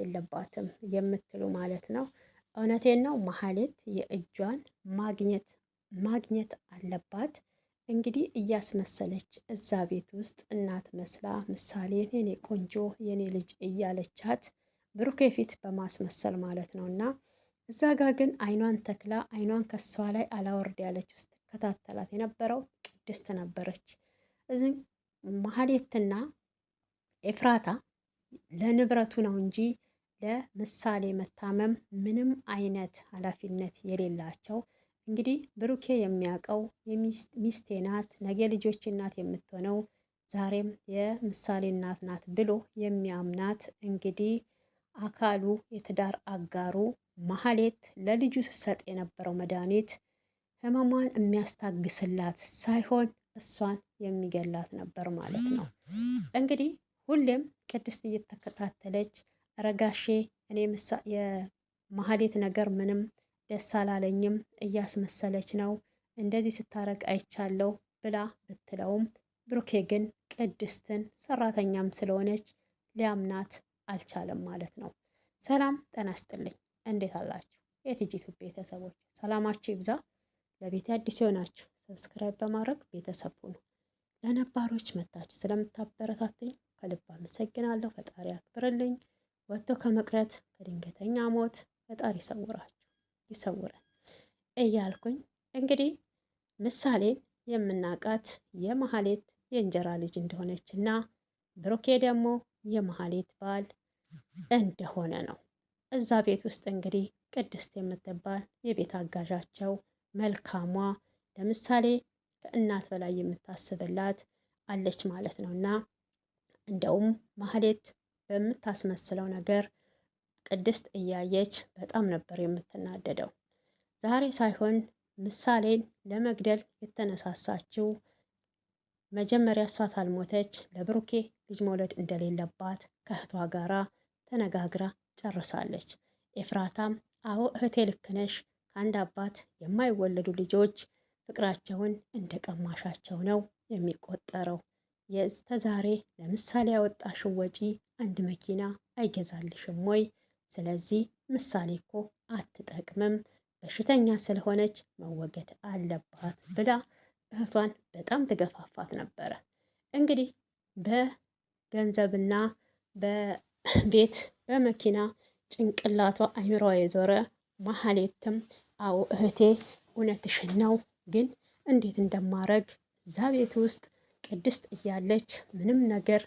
የለባትም የምትሉ ማለት ነው። እውነቴን ነው። መሀሌት የእጇን ማግኘት ማግኘት አለባት። እንግዲህ እያስመሰለች እዛ ቤት ውስጥ እናት መስላ ምሳሌ የኔ ቆንጆ የኔ ልጅ እያለቻት ብሩኬ ፊት በማስመሰል ማለት ነው። እና እዛ ጋ ግን አይኗን ተክላ አይኗን ከሷ ላይ አላወርድ ያለች ውስጥ ከታተላት የነበረው ቅድስት ነበረች። እዚህ መሀሌትና ኤፍራታ ለንብረቱ ነው እንጂ ለምሳሌ መታመም ምንም አይነት ኃላፊነት የሌላቸው እንግዲህ ብሩኬ የሚያውቀው ሚስቴ ናት፣ ነገ ልጆች እናት የምትሆነው ዛሬም የምሳሌ እናት ናት ብሎ የሚያምናት እንግዲህ አካሉ የትዳር አጋሩ መሀሌት ለልጁ ስትሰጥ የነበረው መድኃኒት ህመሟን የሚያስታግስላት ሳይሆን እሷን የሚገላት ነበር ማለት ነው። እንግዲህ ሁሌም ቅድስት እየተከታተለች ረጋሼ እኔ ምሳ የማህሌት ነገር ምንም ደስ አላለኝም፣ እያስመሰለች ነው እንደዚህ ስታረግ አይቻለው ብላ ብትለውም ብሩኬ ግን ቅድስትን ሰራተኛም ስለሆነች ሊያምናት አልቻለም ማለት ነው። ሰላም ጤና ይስጥልኝ። እንዴት አላችሁ የትጂቱ ቤተሰቦች? ሰላማችሁ ይብዛ። ለቤት አዲስ የሆናችሁ ሰብስክራይብ በማድረግ ቤተሰብ ሁኑ። ለነባሮች መታችሁ ስለምታበረታትኝ ከልብ አመሰግናለሁ። ፈጣሪ አክብርልኝ። ወጥቶ ከመቅረት ከድንገተኛ ሞት ፈጣሪ ይሰውራችሁ ይሰውረን እያልኩኝ እንግዲህ ምሳሌን የምናቃት የመሀሌት የእንጀራ ልጅ እንደሆነች እና ብሩኬ ደግሞ የመሀሌት ባል እንደሆነ ነው። እዛ ቤት ውስጥ እንግዲህ ቅድስት የምትባል የቤት አጋዣቸው መልካሟ ለምሳሌ ከእናት በላይ የምታስብላት አለች ማለት ነው እና እንደውም ማህሌት በምታስመስለው ነገር ቅድስት እያየች በጣም ነበር የምትናደደው። ዛሬ ሳይሆን ምሳሌን ለመግደል የተነሳሳችው መጀመሪያ እሷ ታልሞተች ለብሩኬ ልጅ መውለድ እንደሌለባት ከእህቷ ጋራ ተነጋግራ ጨርሳለች። ኤፍራታም አዎ እህቴ ልክ ነሽ፣ ከአንድ አባት የማይወለዱ ልጆች ፍቅራቸውን እንደ ቀማሻቸው ነው የሚቆጠረው። የእስከ ዛሬ ለምሳሌ ያወጣሽው ወጪ አንድ መኪና አይገዛልሽም ወይ? ስለዚህ ምሳሌ እኮ አትጠቅምም፣ በሽተኛ ስለሆነች መወገድ አለባት ብላ እህቷን በጣም ትገፋፋት ነበረ። እንግዲህ በገንዘብና በቤት በመኪና ጭንቅላቷ አይምሯ የዞረ ማህሌትም አዎ እህቴ እውነትሽን ነው፣ ግን እንዴት እንደማረግ እዛ ቤት ውስጥ ቅድስት እያለች ምንም ነገር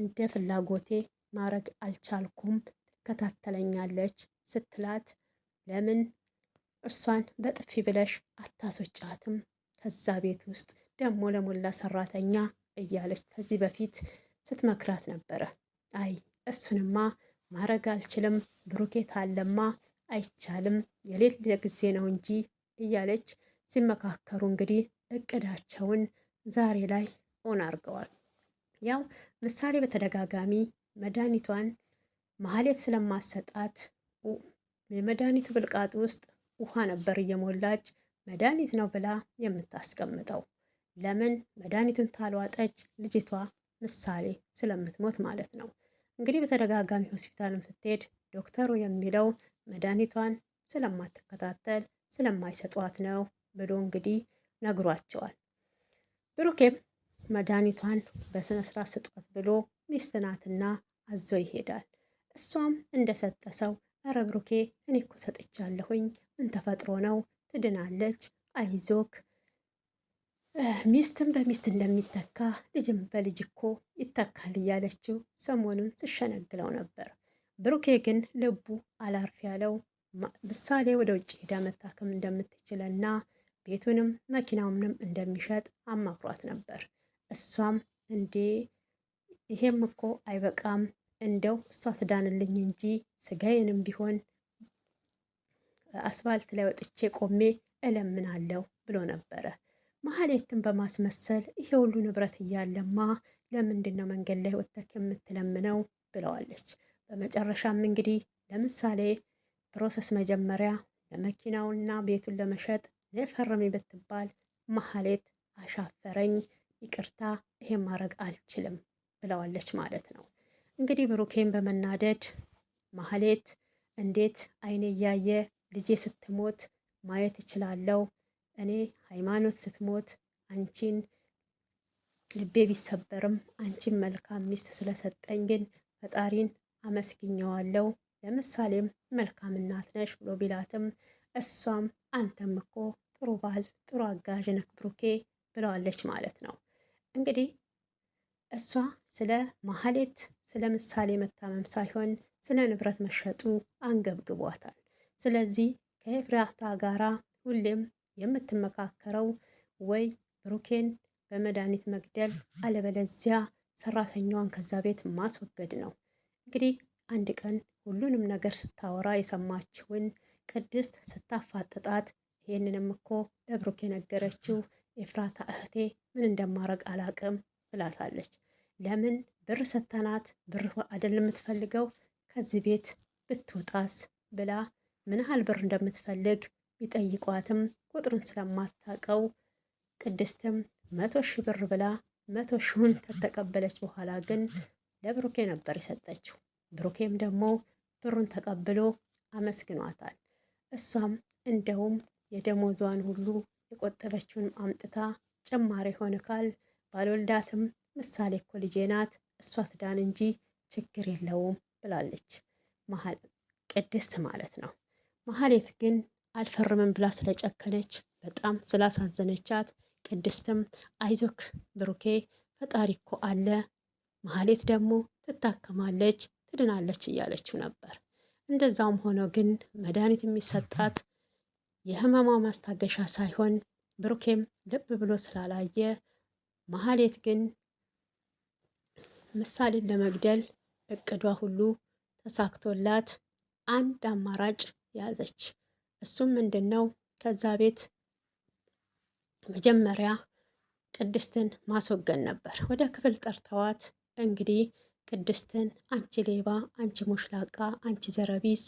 እንደ ፍላጎቴ ማድረግ አልቻልኩም፣ ትከታተለኛለች ስትላት ለምን እሷን በጥፊ ብለሽ አታስወጫትም? ከዛ ቤት ውስጥ ደግሞ ለሞላ ሰራተኛ እያለች ከዚህ በፊት ስትመክራት ነበረ። አይ እሱንማ ማድረግ አልችልም፣ ብሩኬት አለማ አይቻልም፣ የሌለ ጊዜ ነው እንጂ እያለች ሲመካከሩ እንግዲህ እቅዳቸውን ዛሬ ላይ ሆን አድርገዋል። ያው ምሳሌ በተደጋጋሚ መድኃኒቷን መሀሌት ስለማሰጣት የመድኃኒቱ ብልቃጥ ውስጥ ውሃ ነበር እየሞላች መድኃኒት ነው ብላ የምታስቀምጠው። ለምን መድኃኒቱን ታልዋጠች ልጅቷ ምሳሌ ስለምትሞት ማለት ነው። እንግዲህ በተደጋጋሚ ሆስፒታልም ስትሄድ ዶክተሩ የሚለው መድኃኒቷን ስለማትከታተል ስለማይሰጧት ነው ብሎ እንግዲህ ነግሯቸዋል። ብሩኬም መድኃኒቷን በስነ ስርዓት ስጧት ብሎ ሚስትናትና አዞ ይሄዳል። እሷም እንደሰጠ ሰው እረ ብሩኬ እኔ እኮ ሰጥቻለሁኝ፣ ምን ተፈጥሮ ነው ትድናለች፣ አይዞክ ሚስትም በሚስት እንደሚተካ ልጅም በልጅ እኮ ይተካል እያለችው ሰሞኑን ስሸነግለው ነበር። ብሩኬ ግን ልቡ አላርፍ ያለው ምሳሌ ወደ ውጭ ሄዳ መታከም እንደምትችልና ቤቱንም መኪናውንም እንደሚሸጥ አማክሯት ነበር። እሷም እንዴ ይሄም እኮ አይበቃም እንደው እሷ ትዳንልኝ እንጂ ስጋዬንም ቢሆን አስፋልት ላይ ወጥቼ ቆሜ እለምናለሁ ብሎ ነበረ። መሀሌትን በማስመሰል ይሄ ሁሉ ንብረት እያለማ ለምንድን ነው መንገድ ላይ ወጥተህ የምትለምነው ብለዋለች። በመጨረሻም እንግዲህ ለምሳሌ ፕሮሰስ መጀመሪያ ለመኪናውና ቤቱን ለመሸጥ ለፈረሚ ብትባል መሀሌት አሻፈረኝ፣ ይቅርታ ይሄ ማድረግ አልችልም ብለዋለች ማለት ነው። እንግዲህ ብሩኬን በመናደድ ማህሌት እንዴት አይኔ እያየ ልጄ ስትሞት ማየት እችላለሁ፣ እኔ ሃይማኖት ስትሞት አንቺን ልቤ ቢሰበርም አንቺን መልካም ሚስት ስለሰጠኝ ግን ፈጣሪን አመስግኘዋለሁ። ለምሳሌም መልካም እናት ነሽ ብሎ ቢላትም እሷም አንተም እኮ ጥሩ ባል፣ ጥሩ አጋዥ ነህ ብሩኬ ብለዋለች ማለት ነው እንግዲህ እሷ ስለ ማህሌት ስለ ምሳሌ መታመም ሳይሆን ስለ ንብረት መሸጡ አንገብግቧታል። ስለዚህ ከኤፍራታ ጋራ ሁሌም የምትመካከረው ወይ ብሩኬን በመድኃኒት መግደል አለበለዚያ ሰራተኛዋን ከዛ ቤት ማስወገድ ነው። እንግዲህ አንድ ቀን ሁሉንም ነገር ስታወራ የሰማችውን ቅድስት ስታፋጥጣት ይሄንንም እኮ ለብሩክ የነገረችው ኤፍራታ እህቴ ምን እንደማረግ አላቅም ብላታለች። ለምን ብር ሰተናት ብር አደል የምትፈልገው ከዚህ ቤት ብትወጣስ ብላ ምን ያህል ብር እንደምትፈልግ ቢጠይቋትም ቁጥሩን ስለማታቀው ቅድስትም መቶ ሺህ ብር ብላ መቶ ሺውን ከተቀበለች በኋላ ግን ለብሩኬ ነበር የሰጠችው። ብሩኬም ደግሞ ብሩን ተቀብሎ አመስግኗታል። እሷም እንደውም የደሞዟን ሁሉ የቆጠበችውን አምጥታ ጭማሪ ሆነ ካል ባልወልዳትም ምሳሌ እኮ ልጄ ናት፣ እሷ ትዳን እንጂ ችግር የለውም ብላለች መሀል ቅድስት ማለት ነው። መሀሌት ግን አልፈርምም ብላ ስለጨከነች በጣም ስላሳዘነቻት ቅድስትም አይዞክ ብሩኬ ፈጣሪ እኮ አለ፣ መሀሌት ደግሞ ትታከማለች፣ ትድናለች እያለችው ነበር። እንደዛውም ሆኖ ግን መድኃኒት የሚሰጣት የህመሟ ማስታገሻ ሳይሆን ብሩኬም ልብ ብሎ ስላላየ መሀሌት ግን ምሳሌን ለመግደል እቅዷ ሁሉ ተሳክቶላት አንድ አማራጭ ያዘች። እሱም ምንድን ነው? ከዛ ቤት መጀመሪያ ቅድስትን ማስወገድ ነበር። ወደ ክፍል ጠርተዋት እንግዲህ ቅድስትን አንቺ ሌባ፣ አንቺ ሞሽላቃ፣ አንቺ ዘረቢስ፣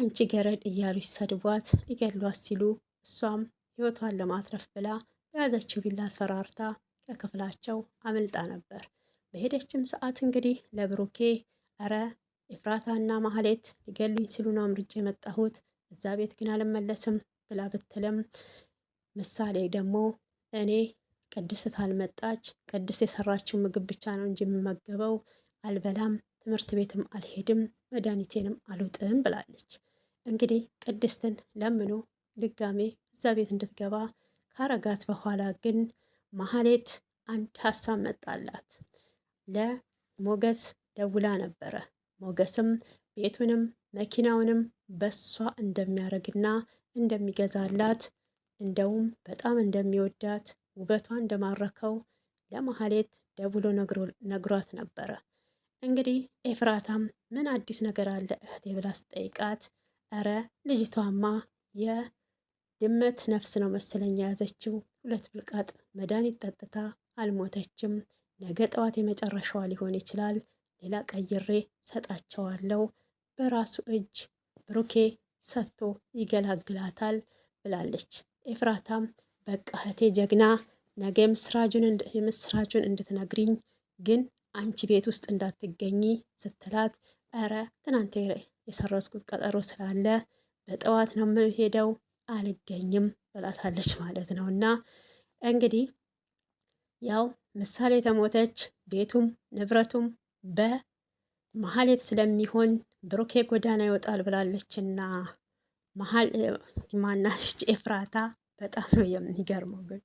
አንቺ ገረድ እያሉ ሲሰድቧት ሊገድሏት ሲሉ እሷም ህይወቷን ለማትረፍ ብላ በያዘችው ቢላ አስፈራርታ ከክፍላቸው አምልጣ ነበር። በሄደችም ሰዓት እንግዲህ ለብሩኬ እረ ኤፍራታ እና ማህሌት ሊገሉኝ ሲሉ ነው አምርጬ የመጣሁት እዛ ቤት ግን አልመለስም ብላ ብትልም ምሳሌ ደግሞ እኔ ቅድስት አልመጣች ቅድስት የሰራችው ምግብ ብቻ ነው እንጂ የምመገበው አልበላም፣ ትምህርት ቤትም አልሄድም፣ መድኃኒቴንም አልውጥም ብላለች። እንግዲህ ቅድስትን ለምኖ ድጋሜ እዛ ቤት እንድትገባ ካረጋት በኋላ ግን ማህሌት አንድ ሀሳብ መጣላት። ለሞገስ ደውላ ነበረ። ሞገስም ቤቱንም መኪናውንም በሷ እንደሚያደርግና እንደሚገዛላት እንደውም በጣም እንደሚወዳት ውበቷ እንደማረከው ለመሀሌት ደውሎ ነግሯት ነበረ። እንግዲህ ኤፍራታም ምን አዲስ ነገር አለ እህቴ ብላ ስጠይቃት፣ እረ ልጅቷማ የድመት ነፍስ ነው መሰለኝ የያዘችው፣ ሁለት ብልቃጥ መድኃኒት ጠጥታ አልሞተችም ነገ ጠዋት የመጨረሻዋ ሊሆን ይችላል። ሌላ ቀይሬ ሰጣቸዋለሁ። በራሱ እጅ ብሩኬ ሰጥቶ ይገላግላታል ብላለች። ኤፍራታም በቃ እህቴ ጀግና፣ ነገ የምስራጁን እንድትነግሪኝ ግን አንቺ ቤት ውስጥ እንዳትገኝ ስትላት፣ ኧረ ትናንት የሰረዝኩት ቀጠሮ ስላለ በጠዋት ነው የምሄደው አልገኝም ብላታለች ማለት ነው እና እንግዲህ ያው ምሳሌ ተሞተች፣ ቤቱም ንብረቱም በመሀሌት ስለሚሆን ብሩኬ ጎዳና ይወጣል ብላለችና መሀል ማናች ኤፍራታ በጣም ነው የሚገርመው ግን